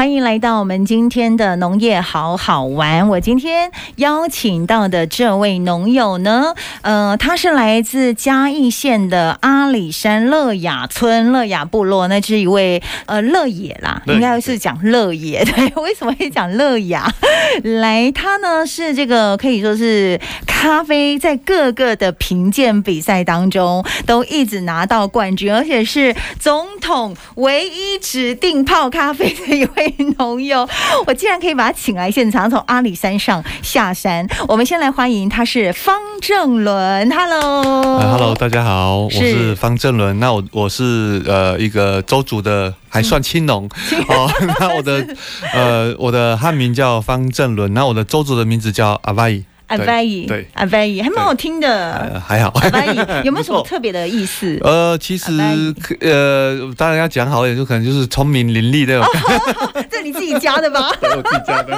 歡迎來到我們今天的農業好好玩。我今天邀請到的這位農友呢，呃，他是來自嘉義縣的阿里山樂雅村樂雅部落，那是一位呃樂野啦，對應該是講樂野，對，為什麼會講樂雅？來，他呢是這個可以說是咖啡在各個的評鑑比賽當中都一直拿到冠軍，而且是總統唯一指定泡咖啡的一位。青農友，我竟然可以把他請來現場，從阿里山上下山。我們先來歡迎，他是方政倫，哈嘍，哈嘍，呃、Hello, 大家好，我是方政倫。是那我我是呃一個鄒族的，還算青農、嗯、哦。 那我的呃我的漢名叫方政倫，那我的鄒族的名字叫阿巴依阿拜阿拜還蠻好聽的，還好。阿拜有沒有什麼特別的意思？呃，其實呃，當然要講好一點，就可能就是聰明伶俐這種。這你自己加的吧？我剛剛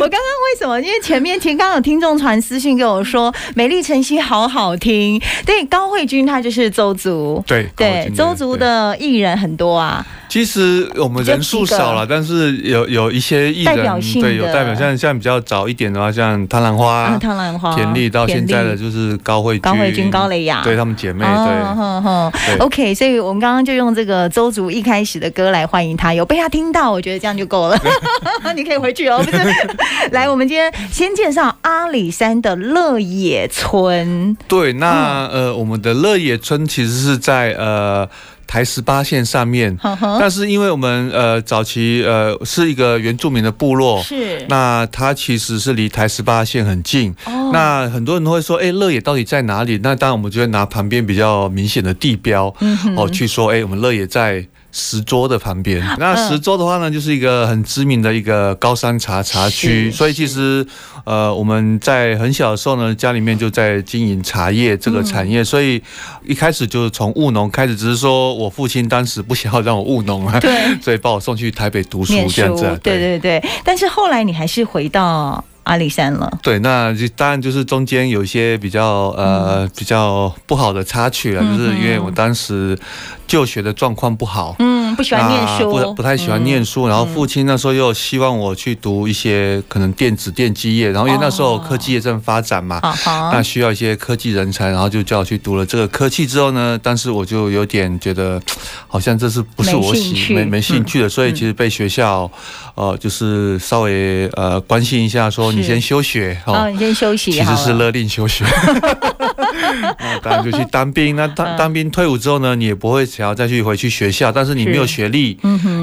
為什麼？因為前面其實剛有聽眾傳私信給我，說《美麗晨曦》好好聽。對，高慧君她就是鄒族，對對，鄒族的藝人很多啊。其實我們人數少了，但是有有一些藝人對有代表，像像比較早一點的話，像他。蘭花，湯蘭花，田麗麗到現在的就是高慧君、高蕾雅，對，她們姐妹，哦、對，呵呵對，OK。所以我們剛剛就用這個鄒族一開始的歌來歡迎她，有被她聽到，我覺得這樣就夠了。 你可以回去哦，不是。 來，我們今天先介紹阿里山的樂野村。對，那、嗯、呃，我們的樂野村其實是在呃。台十八線上面，但是因為我們呃早期呃是一個原住民的部落，是，那它其實是離台十八線很近，哦、那很多人都會說，哎、欸，樂野到底在哪裡？那當然我們就會拿旁邊比較明顯的地標，哦，去說，哎、欸，我們樂野在。石桌的旁邊，那石桌的話呢，嗯、就是一個很知名的一個高山茶茶區，所以其實，呃，我們在很小的時候呢，家裡面就在經營茶葉這個產業，嗯、所以一開始就是從務農開始，只是說我父親當時不想要讓我務農啊，對，所以把我送去台北讀書這樣子、啊，對，對對對，但是後來你還是回到。阿里山了。對，那當然就是中間有一些比較，嗯，呃比較不好的插曲了，啊，就是因為我當時就學的狀況不好。嗯嗯嗯不喜歡念書，啊、不不太喜歡念書。嗯、然後父親那時候又希望我去讀一些可能電子電機業，然後因為那時候科技業正發展嘛，哦啊、那需要一些科技人才，然後就叫我去讀了這個科技。之後呢，但是我就有點覺得，好像這是不是我喜沒興沒，沒興趣的，嗯、所以其實被學校呃，就是稍微呃關心一下，說你先休學哦，你先休息，其實是勒令休學。了 那當然就去當兵。那當當兵退伍之後呢，你也不會想要再去回去學校，但是你沒有學歷，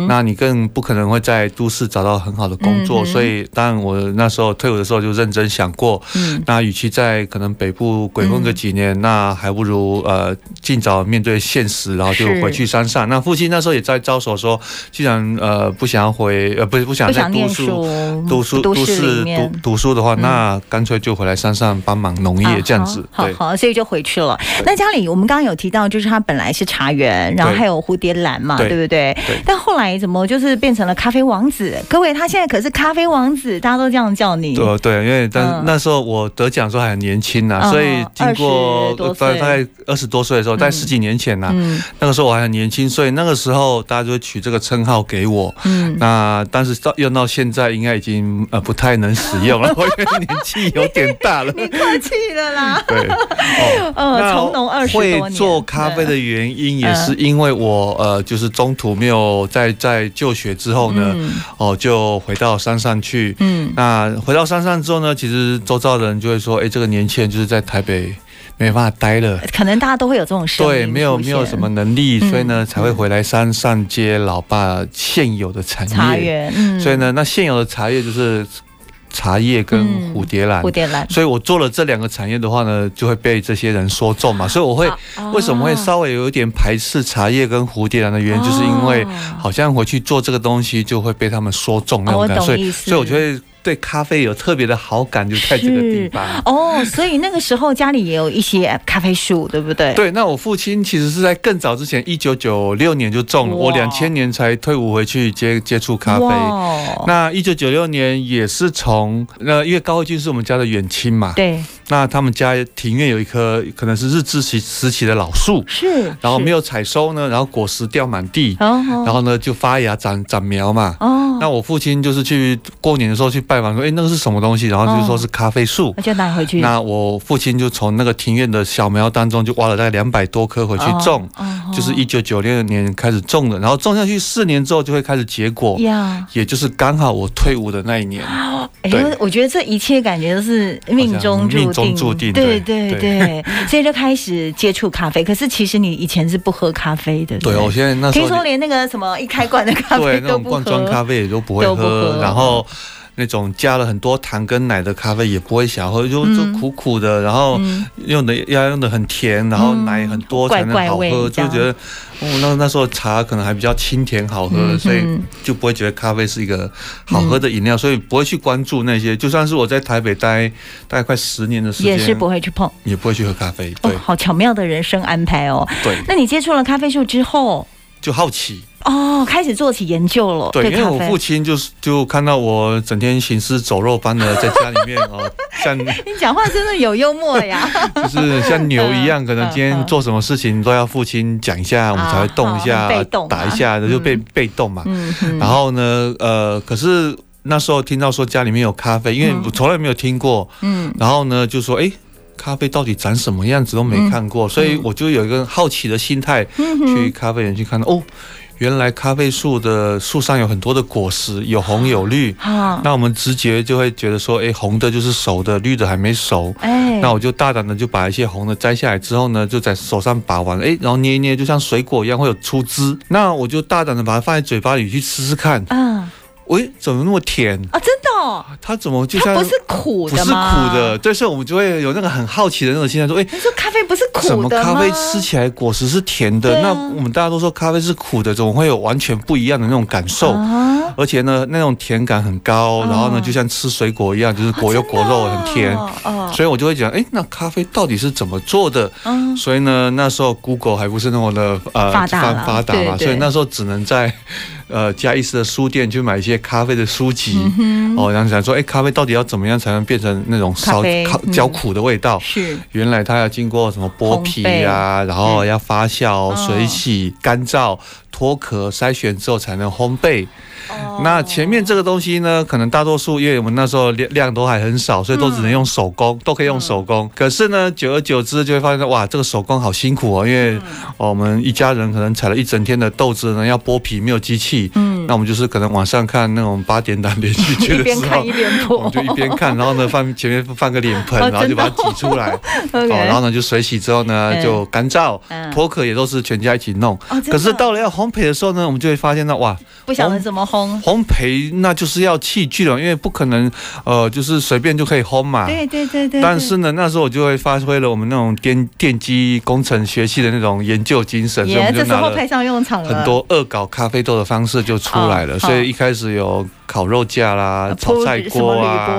那你更不可能會在都市找到很好的工作。所以，當然我那時候退伍的時候就認真想過，那與其在可能北部鬼混個幾年，那還不如呃盡早面對現實，然後就回去山上。那父親那時候也在招手說，既然呃不想要回呃不是不想在都市都市都市讀讀書的話，那乾脆就回來山上幫忙農業這樣子。對。所以就回去了。那家裡我們剛剛有提到，就是他本來是茶園，然後還有蝴蝶蘭嘛，對不對？但後來怎麼就是變成了咖啡王子？各位，他現在可是咖啡王子，大家都這樣叫你。對對，因為當那時候我得獎的時候還很年輕呢。所以經過大大概二十多歲的時候，在十幾年前呢，那個時候我還很年輕，所以那個時候大家就會取這個稱號給我。嗯，那但是到用到現在，應該已經呃不太能使用了，我覺得年紀有點大了，客氣了啦。對。哦，呃，從農二十多年會做咖啡的原因也是因為我，嗯、呃，就是中途沒有在在就學之後呢，嗯、哦，就回到山上去。嗯，那回到山上之後呢，其實周遭的人就會說，哎、欸，這個年輕人就是在台北沒辦法待了，可能大家都會有這種，對，沒有沒有什麼能力，嗯、所以呢才會回來山上接老爸現有的產業。茶園嗯、所以呢，那現有的茶葉就是。茶葉跟蝴蝶蘭，嗯、蝴蝶蘭，所以我做了這兩個產業的話呢，就會被這些人說中嘛。所以我會、啊啊、為什麼會稍微有一點排斥茶葉跟蝴蝶蘭的原因，啊、就是因為好像回去做這個東西就會被他們說中那種，哦、我懂意思。所以所以我覺得。對咖啡有特別的好感，就在、是、這個地方哦。所以那個時候家裡也有一些咖啡樹，對不對？ 對，那我父親其實是在更早之前，一九九六年就種了。哇我兩千年才退伍回去接接觸咖啡。哇那一九九六年也是從那、呃，因為高慧君是我們家的遠親嘛。對。那他們家庭院有一棵可能是日治時期的老樹，是，然後沒有採收呢，然後果實掉滿地，哦、然後呢就發芽長長苗嘛。哦，那我父親就是去過年的時候去拜訪說，哎，那個是什麼東西？然後就說是咖啡樹，那就拿回去。那我父親就從那個庭院的小苗當中就挖了大概兩百多棵回去種，哦哦、就是一九九六年開始種的，然後種下去四年之後就會開始結果，呀也就是剛好我退伍的那一年。哎，我覺得這一切感覺都是命中，命中。嗯、對對對， 所以就開始接觸咖啡。可是其實你以前是不喝咖啡的。對，對，對、哦，我現在那聽說連那個什麼一開罐的咖啡都不喝，啊、罐裝咖啡也就不會喝。喝然後。嗯那種加了很多糖跟奶的咖啡也不會想喝，或、嗯、就就苦苦的，然後用的要用的很甜，嗯、然後奶很多才能好喝，怪怪就覺得，哦、嗯，那那時候茶可能還比較清甜好喝，嗯、哼所以就不會覺得咖啡是一個好喝的飲料，嗯、所以不會去關注那些。就算是我在台北待待快十年的時間，也是不會去碰，也不會去喝咖啡。對、哦，好巧妙的人生安排哦。對，那你接觸了咖啡樹之後，就好奇。哦，開始做起研究了。對，因為我父親就是就看到我整天行屍走肉般的在家裡面哦，像你講話真的有幽默的呀，就是像牛一樣，可能今天做什麼事情都要父親講一下，我們才會動一下，被動打一下，那就被被動嘛。然後呢，呃，可是那時候聽到說家裡面有咖啡，因為我從來沒有聽過，嗯，然後呢就說，哎，咖啡到底長什麼樣子都沒看過，所以我就有一個好奇的心態去咖啡園去看到哦。原來咖啡樹的樹上有很多的果實，有紅有綠。那我們直覺就會覺得說，哎，紅的就是熟的，綠的還沒熟。哎，那我就大膽的就把一些紅的摘下來之後呢，就在手上把玩，哎，然後捏一捏，就像水果一樣會有出汁。那我就大膽的把它放在嘴巴裡去試試看。嗯。喂，怎麼那麼甜啊？哦？真的、哦，它怎麼就像不是苦的，不是苦的，對，所以我們就會有那個很好奇的那種心態，說，哎，你說咖啡不是苦的嗎？怎麼咖啡吃起來果實是甜的？啊、那我們大家都說咖啡是苦的，怎麼會有完全不一樣的那種感受？啊、而且呢，那種甜感很高，啊、然後呢，就像吃水果一樣，就是果有果肉，很甜。哦所以，我就會講誒，那咖啡到底是怎麼做的？嗯、所以呢，那時候 Google 還不是那麼的呃發發達嘛，對對，所以那時候只能在呃嘉義市的書店去買一些咖啡的書籍，嗯、哼哦，然後想說誒，咖啡到底要怎麼樣才能變成那種燒、嗯、焦苦的味道？是原來它要經過什麼剝皮呀、啊，然後要發酵、水洗、乾燥、脫殼、篩選之後才能烘焙。那前面這個東西呢，可能大多數因為我們那時候量量都還很少，所以都只能用手工，嗯、都可以用手工。可是呢，久而久之就會發現，哇，這個手工好辛苦哦，因為、嗯哦、我們一家人可能採了一整天的豆子呢，要剝皮，沒有機器。嗯，那我們就是可能晚上看那種八點檔連續劇去的時候，就一邊看一邊，然後呢放前面放個臉盆，哦哦、然後就把它擠出來，哦，okay, 然後呢就水洗之後呢就乾燥，脫、嗯、殼也都是全家一起弄。哦、可是到了要烘焙的時候呢，我們就會發現那哇，不曉得怎麼。.烘焙那就是要器具了，因為不可能，呃，就是隨便就可以烘嘛。對，對對對對。但是呢，那時候我就會發揮了我們那種電電機工程學系的那種研究精神，派上用場耶了很多惡搞咖啡豆的方式就出來了。哦、所以一開始有，烤肉架啦，炒菜鍋啊，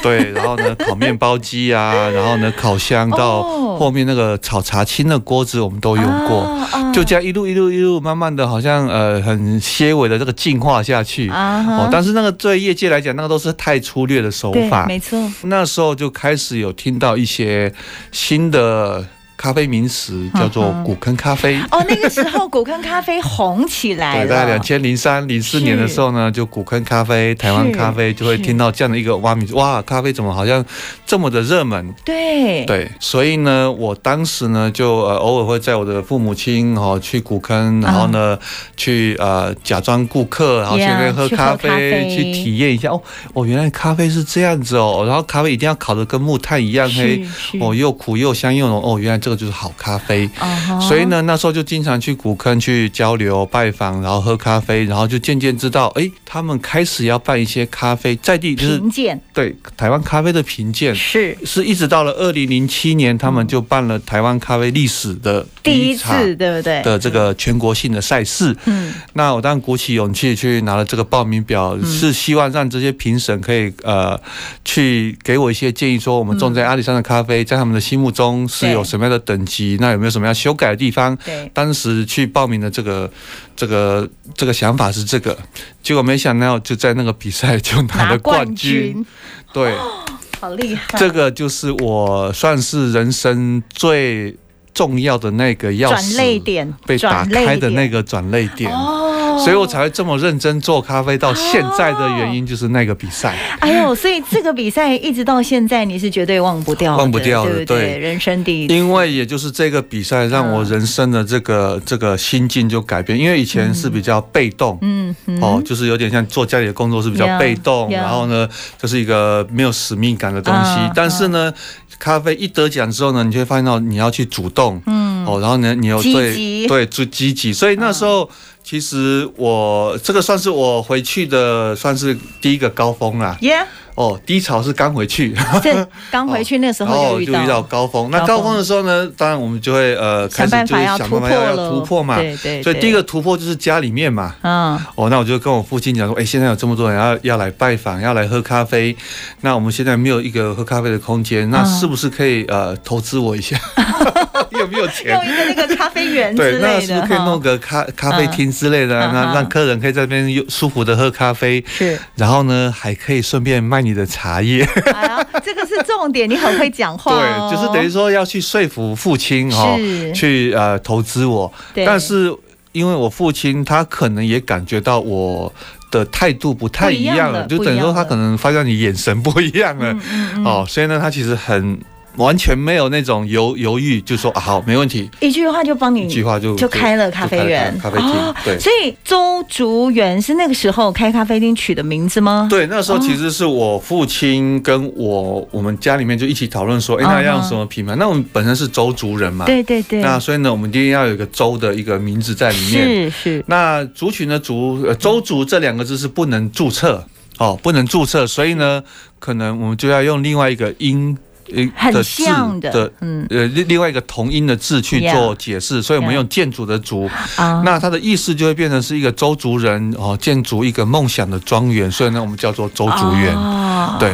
對，然後呢，烤麵包機啊，然後呢，烤箱到後面那個炒茶青的鍋子，我們都用過，就這樣一路一路一路，慢慢的，好像呃，很些微的這個進化下去。哦，但是那個對業界來講，那個都是太粗略的手法，沒錯。那時候就開始有聽到一些新的。咖啡名詞叫做古坑咖啡，嗯、哦，那個時候古坑咖啡紅起來了。 對，在兩千零三、零四年的時候呢，是就古坑咖啡，台灣咖啡就會聽到這樣的一個哇名詞。是哇，咖啡怎麼好像這麼的熱門？對對，所以呢，我當時呢就呃偶爾會載我的父母親哦去古坑，然後呢、嗯、去呃假裝顧客，然後前面喝咖啡 yeah, 去喝咖啡，去體驗一下咖啡咖啡，哦哦，原來咖啡是這樣子哦，然後咖啡一定要烤得跟木炭一樣黑，是是哦，又苦又香又濃哦，原來。這個就是好咖啡，哦、所以呢，那時候就經常去古坑去交流、拜訪，然後喝咖啡，然後就漸漸知道，哎、欸，他們開始要辦一些咖啡在地就是評鑑。對，台灣咖啡的評鑑是是一直到了二零零七年，他們就辦了台灣咖啡歷史的第一場，對不對？的這個全國性的賽事，嗯，那我當然鼓起勇氣去拿了這個報名表，嗯、是希望讓這些評審可以呃，去給我一些建議，說我們種在阿里山的咖啡在他們的心目中是有什麼樣的。等級那有沒有什麼要修改的地方？對，當時去報名的這個、這個、這個想法是這個，結果沒想到就在那個比賽就拿了冠軍。冠軍對、哦，好厲害！這個就是我算是人生最重要的那個鑰匙，轉捩點被打開的那個轉捩點。哦所以我才會這麼認真做咖啡到現在的原因就是那個比賽。哎呦，所以這個比賽一直到現在你是絕對忘不掉，忘不掉的，對，人生第一次。因為也就是這個比賽讓我人生的這個這個心境就改變，因為以前是比較被動，嗯，哦，就是有點像做家裡的工作是比較被動，然後呢就是一個沒有使命感的東西。但是呢，咖啡一得獎之後呢，你就會發現到你要去主動，嗯，哦，然後呢，你要對對，最積極，所以那時候。其實我這個算是我回去的，算是第一個高峰啊。耶！Yeah. 哦，低潮是剛回去。對，剛回去那時候就遇到，哦，就遇到高峰。高峰。那高峰的時候呢？當然我們就會呃，開始，就會想辦法要突破嘛。對對對。所以第一個突破就是家裡面嘛。嗯。哦，那我就跟我父親講說：“哎，現在有這麼多人要要來拜訪，要來喝咖啡。那我們現在沒有一個喝咖啡的空間，嗯，那是不是可以呃投資我一下？” 你有沒有錢？弄一個那個咖啡園之類的，對，那是不是可以弄個咖咖啡廳之類的，那讓客人可以在那邊又舒服的喝咖啡。是，然後呢，還可以順便賣你的茶葉。這個是重點，你很會講話。對，就是等於說要去說服父親哈，去呃投資我。但是因為我父親他可能也感覺到我的態度不太一樣了，就等於說他可能發現你眼神不一樣了哦，所以呢，他其實很。完全沒有那種猶猶豫，就說、啊、好，沒問題，一句話就幫你，一句話就就開了咖啡園，咖啡廳。哦、對。所以鄒築園是那個時候開咖啡廳取的名字嗎？對，那時候其實是我父親跟我，我們家裡面就一起討論說，哎、哦欸，那要用什麼品牌？哦、那我們本身是鄒族人嘛，對對對。那所以呢，我們一定要有一個鄒的一個名字在裡面。是是。那族群的族，呃、鄒族這兩個字是不能註冊哦，不能註冊，所以呢，可能我們就要用另外一個音。一的字的，嗯，呃，另另外一個同音的字去做解釋，所以我們用建築的“築 ”，yeah, yeah. 那它的意思就會變成是一個鄒族人哦，建築一個夢想的莊園，所以呢，我們叫做鄒築園，oh. 對。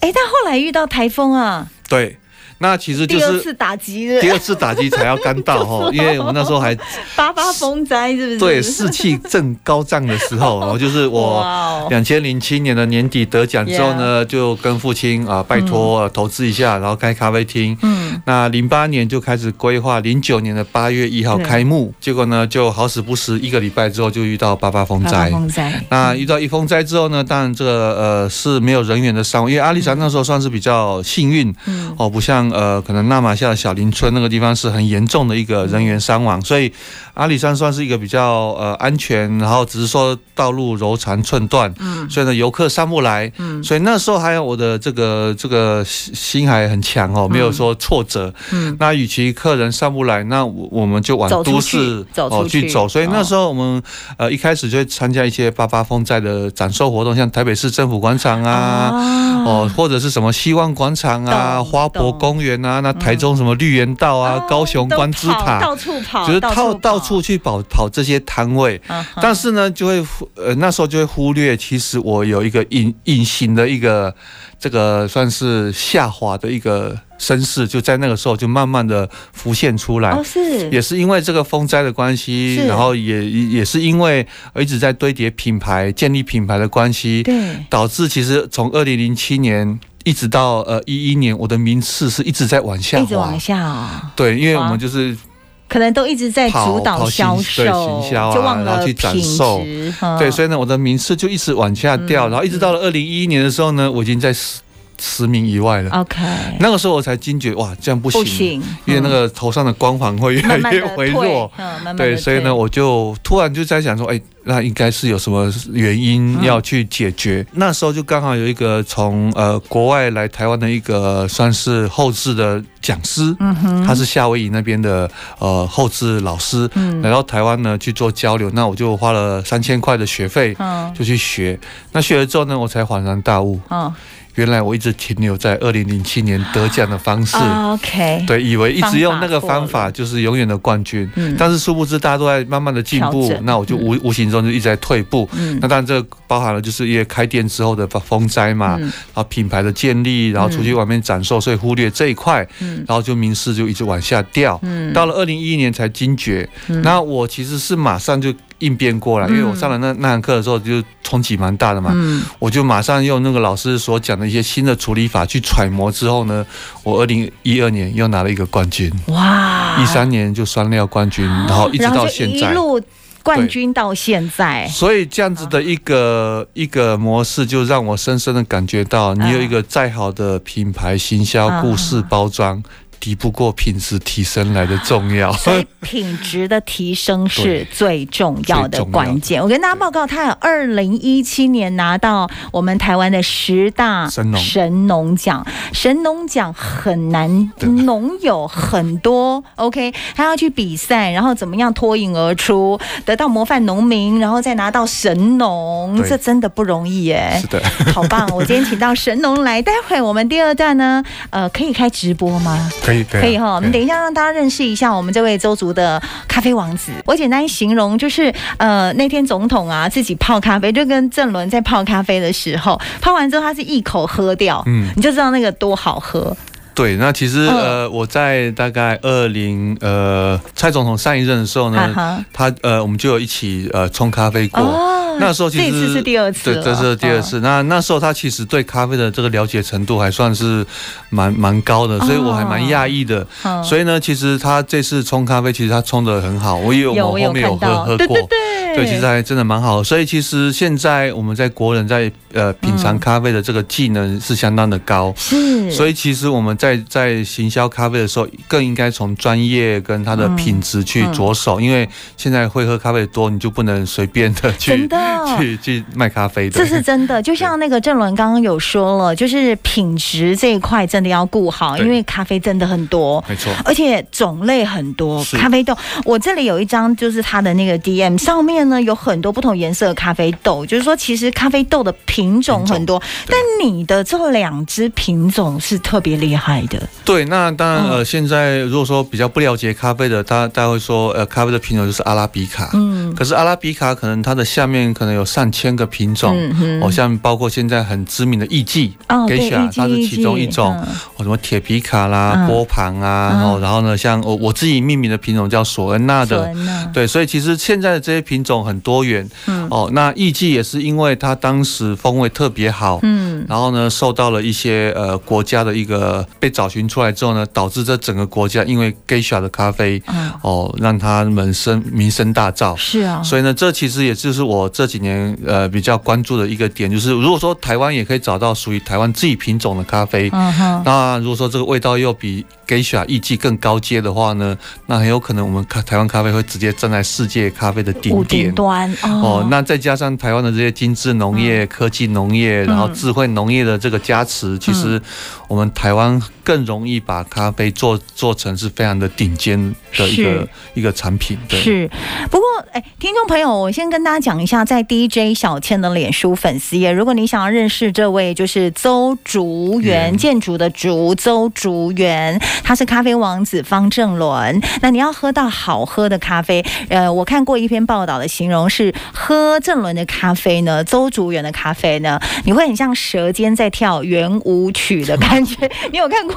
哎、欸，但後來遇到台風啊。對。那其實就是第二次打擊，第二次打擊才要剛到吼，因為我們那時候還八八風災是不是？對，士氣正高漲的時候，然後就是我兩千零七年的年底得獎之後呢，就跟父親啊拜托投資一下，然後開咖啡廳。嗯，那零八年就開始規劃，零九年的八月一號開幕，結果呢就好死不死一個禮拜之後就遇到八八風災。那遇到一風災之後呢，當然這呃是沒有人員的傷亡，因為阿里山那時候算是比較幸運，哦，不像。呃，可能那瑪夏的小林村那個地方是很嚴重的一個人員傷亡，嗯，所以阿里山算是一個比較呃安全，然後只是說道路柔腸寸斷，嗯，所以呢遊客上不來，嗯，所以那時候還有我的這個這個心心還很強哦，沒有說挫折，嗯，那與其客人上不來，那我我們就往都市去去哦去走，所以那時候我們呃一開始就會參加一些八八風災的展售活動，像台北市政府廣場啊，啊哦或者是什麼希望廣場啊、動動花博宮。公園啊，那台中什麼綠園道啊，嗯哦、高雄觀之塔，到處跑，就是到到處，到處去跑跑這些攤位。Uh huh、但是呢，就會呃，那時候就會忽略，其實我有一個隱隱形的一個這個算是下滑的一個聲勢，就在那個時候就慢慢的浮現出來。哦、是也是因為這個風災的關係，是然後也也是因為一直在堆疊品牌、建立品牌的關係，對導致其實從二零零七年。一直到呃一一年，我的名次是一直在往下，一直往下、哦，對，因為我們就是、啊、可能都一直在主導銷售，行、對、行銷啊、就忘了品質，然後去展售。對，所以呢，我的名次就一直往下掉，嗯、然後一直到了二零一一年的時候呢，我已經在。十名以外了。OK，那個時候我才驚覺，哇，這樣不行，不行，嗯、因為那個頭上的光環會越來越微弱。慢慢的退嗯、慢慢的退對，所以呢，我就突然就在想說，哎、欸，那應該是有什麼原因要去解決。嗯、那時候就剛好有一個從呃國外來台灣的一個算是後製的講師，嗯、哼他是夏威夷那邊的呃後製老師，嗯、來到台灣呢去做交流。那我就花了三千塊的學費，嗯、就去學。那學了之後呢，我才恍然大悟，嗯原來我一直停留在二零零七年得獎的方式，OK，對，以為一直用那個方法就是永遠的冠軍，但是殊不知大家都在慢慢的進步，那我就無無形中就一直在退步。那當然這包含了就是因為開店之後的風災嘛，然後品牌的建立，然後出去外面展售，所以忽略這一塊，然後就名次就一直往下掉，到了二零一一年才驚覺。那我其實是馬上就。應變過來，因為我上了那那堂課的時候，就衝擊蠻大的嘛，嗯、我就馬上用那個老師所講的一些新的處理法去揣摩之後呢，我二零一二年又拿了一個冠軍，哇，一三年就雙料冠軍，啊、然後一直到現在一路冠軍到現在。對啊、所以這樣子的一個、啊、一個模式，就讓我深深的感覺到，你有一個再好的品牌行銷故事包裝。啊啊比不過品質提升來的重要，所以品質的提升是最重要的關鍵。我跟大家報告，他有二零一七年拿到我們台灣的十大神農神農獎。神農獎很難，農友很多，OK？他要去比賽，然後怎麼樣脫穎而出，得到模範農民，然後再拿到神農，這真的不容易耶。是的，好棒！我今天請到神農來，待會我們第二段呢，呃，可以開直播嗎？可以哈、啊，我們等一下讓大家認識一下我們這位鄒族的咖啡王子。我簡單形容就是，呃，那天總統啊自己泡咖啡，就跟政倫在泡咖啡的時候，泡完之後他是一口喝掉，嗯，你就知道那個多好喝。對，那其實呃我在大概二零呃蔡總統上一任的時候呢，uh huh. 他呃我們就有一起呃沖咖啡過。Oh. 那時候其實這一次是第二次對，對，對，對，這是第二次。哦、那那時候他其實對咖啡的這個了解程度還算是蠻蠻高的，所以我還蠻訝異的。哦、所以呢，其實他這次沖咖啡，其實他沖的很好。我以為我後面有喝喝過，對對，對，對，其實還真的蠻好的。所以其實現在我們在國人在呃品嘗咖啡的這個技能是相當的高，嗯、所以其實我們在在行銷咖啡的時候，更應該從專業跟它的品質去着手，嗯嗯、因為現在會喝咖啡的多，你就不能隨便的去。去去賣咖啡的，這是真的。就像那個政倫剛剛有說了，對就是品質這一塊真的要顧好，對因為咖啡真的很多，沒錯錯，而且種類很多。是咖啡豆，我這裡有一張，就是它的那個 DM 上面呢，有很多不同顏色的咖啡豆。就是說，其實咖啡豆的品種很多，但你的這兩支品種是特別厲害的。對，那當然呃，哦、現在如果說比較不了解咖啡的，大家，大家會說呃，咖啡的品種就是阿拉比卡。嗯，可是阿拉比卡可能它的下面。可能有上千個品種，哦，像包括現在很知名的藝妓，哦，Geisha 它是其中一種，哦，什麼鐵皮卡啦、波旁啊，然後然後呢，像我我自己命名的品種叫索恩納的，對，所以其實現在的這些品種很多元，哦，那藝妓也是因為它當時風味特別好，嗯，然後呢，受到了一些呃國家的一個被找尋出來之後呢，導致這整個國家因為 Geisha 的咖啡，哦，讓他們聲名聲大噪，是啊，所以呢，這其實也就是我這。這幾年，呃，比較關注的一個點就是，如果說台灣也可以找到屬於台灣自己品種的咖啡，嗯、哼那如果說這個味道又比 Gesha 藝伎，更高階的話呢，那很有可能我們台台灣咖啡會直接站在世界咖啡的頂點頂端哦，哦。那再加上台灣的這些精緻農業、嗯、科技農業，然後智慧農業的這個加持，其實、嗯。我們台灣更容易把咖啡做做成是非常的頂尖的一個是一個產品。對是，不過哎、欸，聽眾朋友，我先跟大家講一下，在 DJ 小倩的臉書粉絲頁，如果你想要認識這位就是鄒築園 Yeah, 建築的築鄒築園，他是咖啡王子方政倫。那你要喝到好喝的咖啡，呃，我看過一篇報道的形容是，喝政倫的咖啡呢，鄒築園的咖啡呢，你會很像舌尖在跳圓舞曲的感。 你有看過？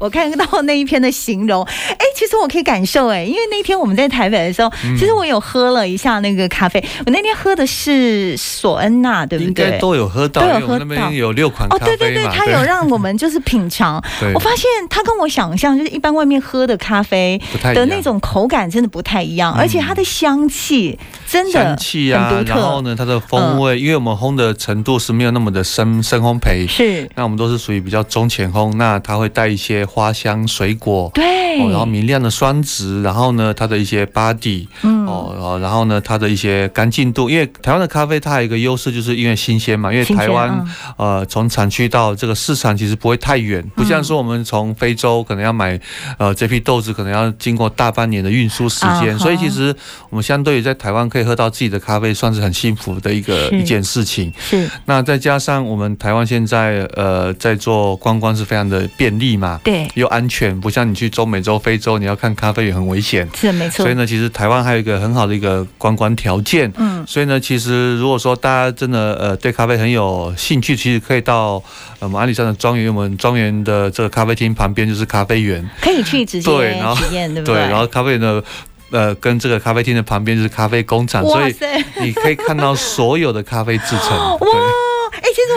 我看到那一篇的形容，哎。其實我可以感受哎，因為那天我們在台北的時候，其實我有喝了一下那個咖啡。我那天喝的是索恩娜，對不對？應該都有喝到，都有喝到。那邊有六款咖啡哦，對對對，他有讓我們就是品嘗。 對我發現它跟我想象就是一般外面喝的咖啡的那種口感真的不太一樣，一樣而且它的香氣真的香氣啊，然後呢，它的風味，嗯、因為我們烘的程度是沒有那麼的深深烘焙，是那我們都是屬於比較中淺烘，那它會帶一些花香、水果，對、哦，然後迷。一樣的酸質，然後呢，它的一些 body，嗯，哦，然後呢，它的一些乾淨度。因為台灣的咖啡，它有一個優勢，就是因為新鮮嘛，因為台灣，呃，從產區到這個市場其實不會太遠，不像說我們從非洲可能要買，呃，這批豆子可能要經過大半年的運輸時間，所以其實我們相對於在台灣可以喝到自己的咖啡，算是很幸福的一個一件事情。是。那再加上我們台灣現在呃在做觀光是非常的便利嘛，對，又安全，不像你去中美洲、非洲。你要看咖啡也很危險，是沒錯。所以呢，其實台灣還有一個很好的一個觀光條件。嗯，所以呢，其實如果說大家真的呃對咖啡很有興趣，其實可以到我們阿里山的莊園，我們莊園的這個咖啡廳旁邊就是咖啡園，可以去直接體驗，對不對？對，然後咖啡呢，呃，跟這個咖啡廳的旁邊就是咖啡工廠，塞所以你可以看到所有的咖啡製程。 哇對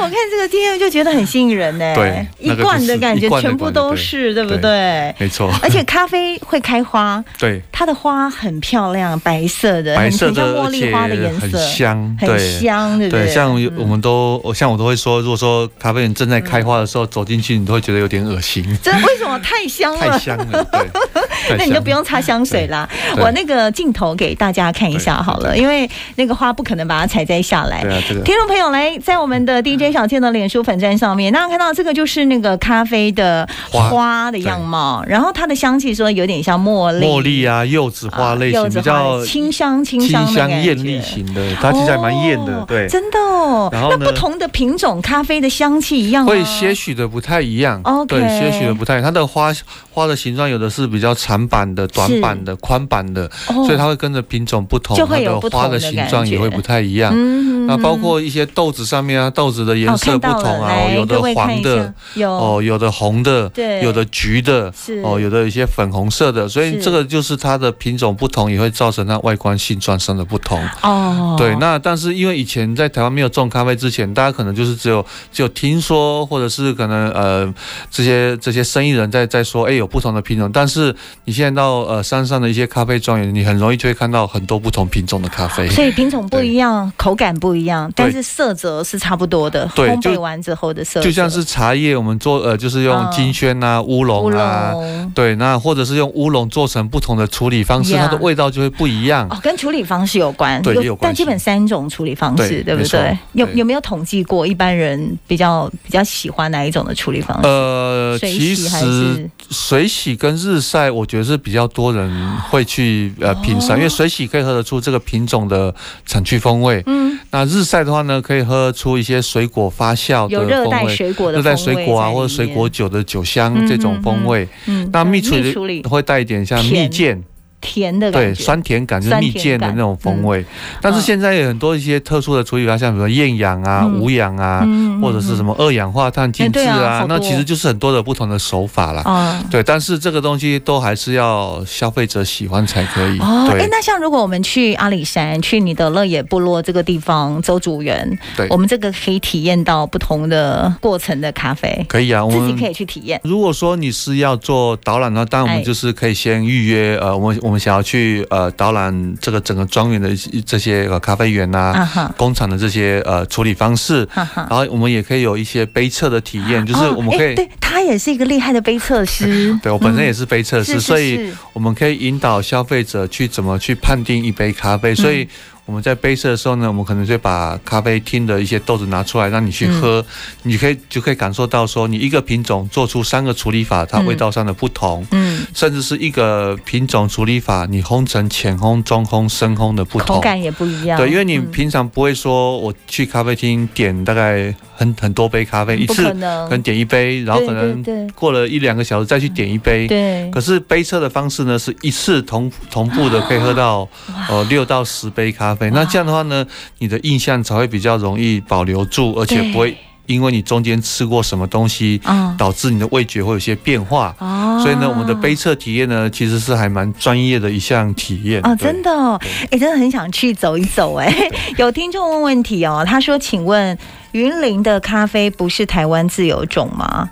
我看這個天 N 就覺得很吸引人呢，對，一罐的感覺全部都是，對不對？沒錯，而且咖啡會開花，對，它的花很漂亮，白色的，很像茉莉花的顏色，很香，很香，對不對？像我們都，像我都會說，如果說咖啡園正在開花的時候走進去，你都會覺得有點噁心，這為什麼？太香了，太香了，對，那你就不用擦香水啦。我那個鏡頭給大家看一下好了，因為那個花不可能把它採摘下來。聽眾朋友來，在我們的 D N。小倩的臉書粉，在上面，大家看到這個就是那個咖啡的花的樣貌，然後它的香氣說有點像茉莉、茉莉啊、啊、柚子花類型，比較清香、清香的、清香、豔麗型的，它其實還蠻豔的，哦、對，真的。哦。那不同的品種咖啡的香氣一樣嗎？會些許的不太一樣，Okay 對，些許的不太一樣，它的花。花的形狀有的是比較長版的、短版的、寬是版的，所以它會跟着品種不同，它，哦，的花的形狀也會不太一樣。嗯嗯，那包括一些豆子上面啊，豆子的顏色不同啊，哦欸，有的黃的有，哦，有的紅的，對有的橘的是、哦，有的一些粉紅色的，所以這個就是它的品種不同也會造成它外觀形狀，上的不同。哦，對，那但是因為以前在台灣沒有種咖啡之前，大家可能就是只有就聽說，或者是可能呃這些這些生意人在在說，哎，欸。有不同的品種，但是你現在到呃山上的一些咖啡莊園，你很容易就會看到很多不同品種的咖啡。所以品種不一樣，口感不一樣，但是色澤是差不多的。對，烘焙完之後的色，就像是茶葉，我們做呃就是用金萱啊烏龍啊，對，那或者是用烏龍做成不同的處理方式，它的味道就會不一樣。哦，跟處理方式有關，對，有關，但基本三種處理方式，對不對？有有沒有統計過一般人比較比較喜歡哪一種的處理方式？呃，其實。水洗跟日曬，我覺得是比較多人會去呃品嘗，因為水洗可以喝得出這個品種的產區風味。嗯，那日曬的話呢，可以喝出一些水果發酵的風味，熱帶水果、熱帶水果啊，或者水果酒的酒香這種風味。嗯，嗯，嗯，那蜜處理蜜 蜜 會帶一點像蜜餞。甜的對，酸甜感是蜜餞的那種風味，但是現在有很多一些特殊的處理啊，像什麼厭氧啊、無氧啊，或者是什麼二氧化碳浸製啊，那其實就是很多的不同的手法啦。對，但是這個東西都還是要消費者喜歡才可以。對，那像如果我們去阿里山，去你的樂野部落這個地方，鄒築園，對，我們這個可以體驗到不同的過程的咖啡，可以啊，我們自己可以去體驗。如果說你是要做導覽的話，當然我們就是可以先預約，呃，我們我。我們想要去呃導覽這個整個莊園的這些咖啡園吶、啊，uh huh. 工廠的這些呃處理方式，uh huh. 然後我們也可以有一些杯測的體驗，uh huh. 就是我們可以，哦、對他也是一個厲害的杯測師， 對我本身也是杯測師，嗯、所以我們可以引導消費者去怎麼去判定一杯咖啡，嗯、所以。我們在杯測的時候呢，我們可能就把咖啡廳的一些豆子拿出來讓你去喝，嗯、你可以就可以感受到說，你一個品種做出三個處理法，它味道上的不同，嗯嗯、甚至是一個品種處理法，你烘成淺烘、中烘、深烘的不同，口感也不一樣。對，因為你平常不會說，嗯、我去咖啡廳點大概。很多杯咖啡，一次可能點一杯，然後可能過了一兩個小時再去點一杯。對對對，可是杯測的方式呢，是一次同同步的，可以喝到、啊、呃六到十杯咖啡。哇那這樣的話呢，你的印象才會比較容易保留住，而且不會。因為你中間吃過什麼東西，導致你的味覺會有些變化，哦、所以呢，我們的杯測體驗呢，其實是還蠻專業的一項體驗哦，對哦。真的哎、哦欸，真的很想去走一走哎。對有聽眾問問題哦，他說：“請問雲林的咖啡不是台灣自由種嗎？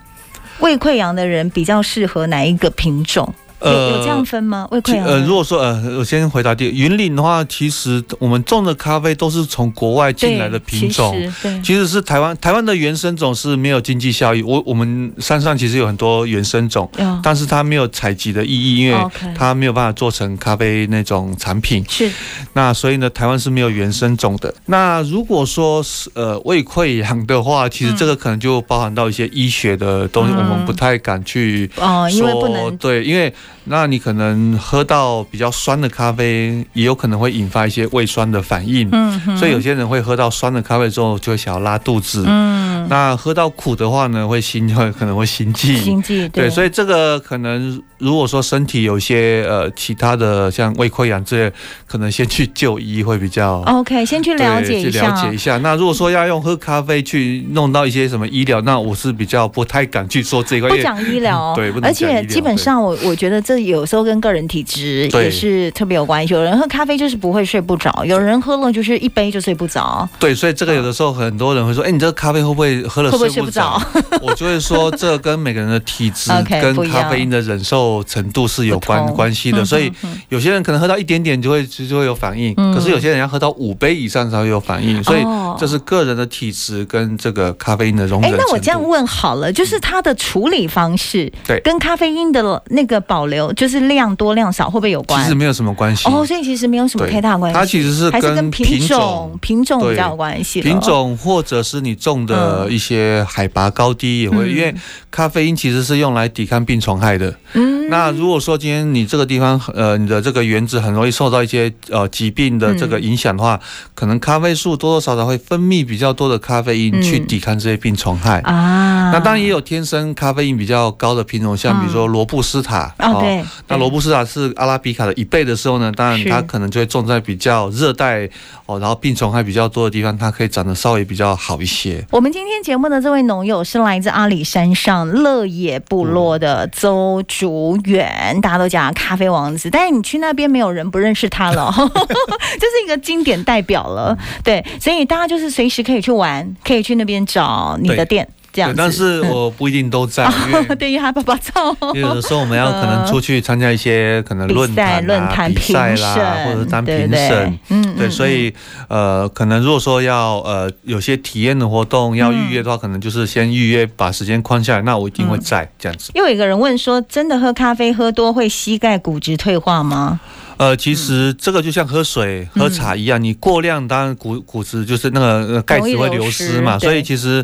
胃潰瘍的人比較適合哪一個品種？”呃，有這樣分嗎？胃潰瘍。呃，如果說呃，我先回答第一。雲嶺的話，其實我們種的咖啡都是從國外進來的品種。其實，對，其實是台灣。台灣的原生種是沒有經濟效益。我我們山上其實有很多原生種，但是它沒有採集的意義，因為它沒有辦法做成咖啡那種產品。是。那所以呢，台灣是沒有原生種的。那如果說是呃胃潰瘍的話，其實這個可能就包含到一些醫學的東西，嗯、我們不太敢去說。哦、因為對，因為。那你可能喝到比較酸的咖啡，也有可能會引發一些胃酸的反應。嗯，嗯，所以有些人會喝到酸的咖啡之後，就會想要拉肚子。嗯。那喝到苦的話呢，會心會可能會心悸，心悸對，對，所以這個可能如果說身體有些呃其他的像胃潰瘍這些，可能先去就醫會比較。OK，先去了解一下，了解一下。啊、那如果說要用喝咖啡去弄到一些什麼醫療，嗯，那我是比較不太敢去說這一塊。不講醫療，哦嗯，對，不而且基本上我對我覺得這有時候跟個人體質也是特別有關係。對有人喝咖啡就是不會睡不着，有人喝了就是一杯就睡不着。對，對，所以這個有的時候很多人會說，哎，欸，你這個咖啡會不會？喝了睡不着， 我就會說，這跟每個人的體質跟咖啡因的忍受程度是有關關係的。所以有些人可能喝到一點點就會就會有反應，可是有些人要喝到五杯以上才會有反應。所以這是個人的體質跟這個咖啡因的容忍。哎、欸，那我這樣問好了，就是它的處理方式跟咖啡因的那個保留，就是量多量少會不會有關？其實沒有什麼關係哦，所以其實沒有什麼太大關係。它其實是跟品種，還是跟品種，品種比較有關係，品種或者是你種的。呃，一些海拔高低也會，嗯、因為咖啡因其實是用來抵抗病蟲害的。嗯。那如果說今天你這個地方，呃，你的這個園子很容易受到一些呃疾病的這個影響的話，嗯、可能咖啡樹多多少少會分泌比較多的咖啡因去抵抗這些病蟲害。嗯、啊。那當然也有天生咖啡因比較高的品種，像比如說羅布斯塔。啊、哦，哦對。那羅布斯塔是阿拉比卡的一倍的時候呢，當然它可能就會種在比較熱帶是哦，然後病蟲害比較多的地方，它可以長得稍微比較好一些。我們今天。今天節目的這位農友是來自阿里山上樂野部落的鄒築園，大家都講咖啡王子，但是你去那邊沒有人不認識他了， 就是一個經典代表了。對，所以大家就是隨時可以去玩，可以去那邊找你的店。對，但是我不一定都在。對於他爸爸照，喔，因為有時候我們要可能出去參加一些可能論壇，啊、論壇評審或者當評審，嗯，嗯，嗯，對，所以呃，可能如果說要呃有些體驗的活動要預約的話，嗯、可能就是先預約把時間空下來，那我一定會在，嗯、這樣子。又有一個人問說，真的喝咖啡喝多會膝蓋骨質退化嗎？呃，其實這個就像喝水、喝茶一樣，你過量當然骨骨質就是那個鈣質會流失嘛，所以其實，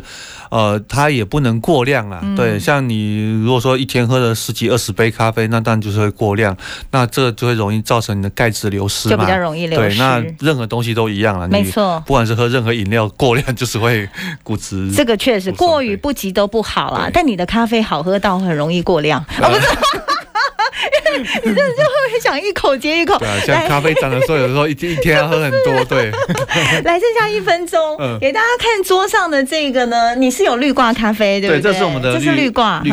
呃，它也不能過量啊。對，像你如果說一天喝了十幾、二十杯咖啡，那當然就是會過量，那這就會容易造成你的鈣質流失嘛，就比較容易流失。對，那任何東西都一樣了。沒錯。不管是喝任何飲料，過量就是會骨質。這個確實過於不及都不好啊，但你的咖啡好喝到很容易過量，啊不是。你真的就會想一口接一口。對，像咖啡展的時候，有時候一天一天要喝很多，對。來，剩下一分鐘，給大家看桌上的這個呢，你是有濾掛咖啡對？對，這是我們的濾掛，濾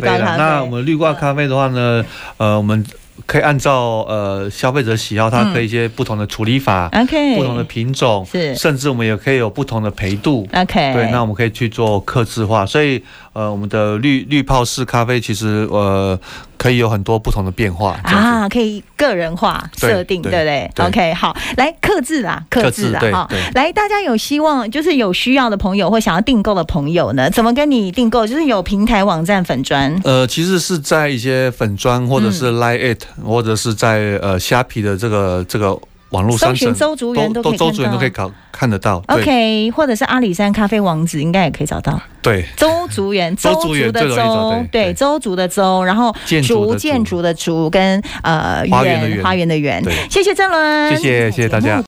掛咖啡。那我們濾掛咖啡的話呢，呃，我們可以按照呃消費者喜好，它可以一些不同的處理法，OK，不同的品種，是，甚至我們也可以有不同的焙度，OK，對，那我們可以去做客製化，所以。呃，我們的濾濾泡式咖啡其實呃，可以有很多不同的變化啊，可以個人化對設定，對不對，對，對？OK，好，來客製啦，客製啦，製好對來，大家有希望就是有需要的朋友或想要訂購的朋友呢，怎麼跟你訂購？就是有平台網站粉專，呃，其實是在一些粉專或者是 LINE@，或者是在呃蝦皮的這個這個。網絡搜尋鄒築園都鄒築都可以搞看得到，OK，或者是阿里山咖啡王子應該也可以找到。對，鄒築園，鄒族的鄒，對，鄒族的鄒，然後築建築的築跟呃園花園的園，謝謝政倫，謝謝謝謝大家。